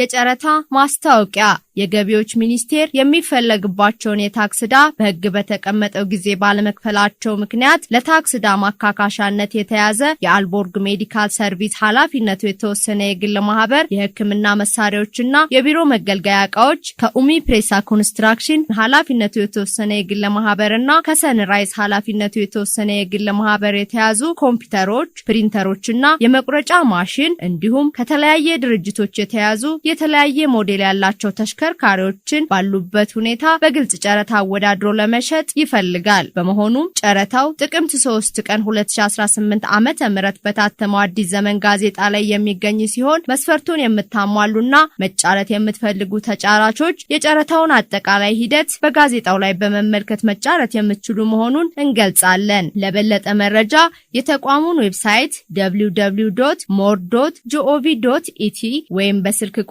የጨረታ ማስታወቂያ የገቢዎች ሚኒስቴር የሚፈለግባቸውን የታክስ ዕዳ በሕግ በተቀመጠው ጊዜ ባለመክፈላቸው ምክንያት ለታክስ ዕዳ ማካካሻነት የተያዘ የአልቦርግ ሜዲካል ሰርቪስ ኃላፊነቱ የተወሰነ የግል ማህበር የሕክምና መሳሪያዎችና የቢሮ መገልገያ እቃዎች ከኡሚ ፕሬሳ ኮንስትራክሽን ኃላፊነቱ የተወሰነ የግል ማህበርና ከሰንራይዝ ኃላፊነቱ የተወሰነ የግል ማህበር የተያዙ ኮምፒውተሮች፣ ፕሪንተሮችና የመቁረጫ ማሽን እንዲሁም ከተለያየ ድርጅቶች የተያዙ የተለያየ ሞዴል ያላቸው ተሽከርካሪዎችን ባሉበት ሁኔታ በግልጽ ጨረታ አወዳድሮ ለመሸጥ ይፈልጋል። በመሆኑም ጨረታው ጥቅምት 3 ቀን 2018 ዓመተ ምህረት በታተመው አዲስ ዘመን ጋዜጣ ላይ የሚገኝ ሲሆን መስፈርቱን የምታሟሉና መጫረት የምትፈልጉ ተጫራቾች የጨረታውን አጠቃላይ ሂደት በጋዜጣው ላይ በመመልከት መጫረት የምትችሉ መሆኑን እንገልጻለን። ለበለጠ መረጃ የተቋሙን ዌብሳይት ኢቲ ወይም በስልክ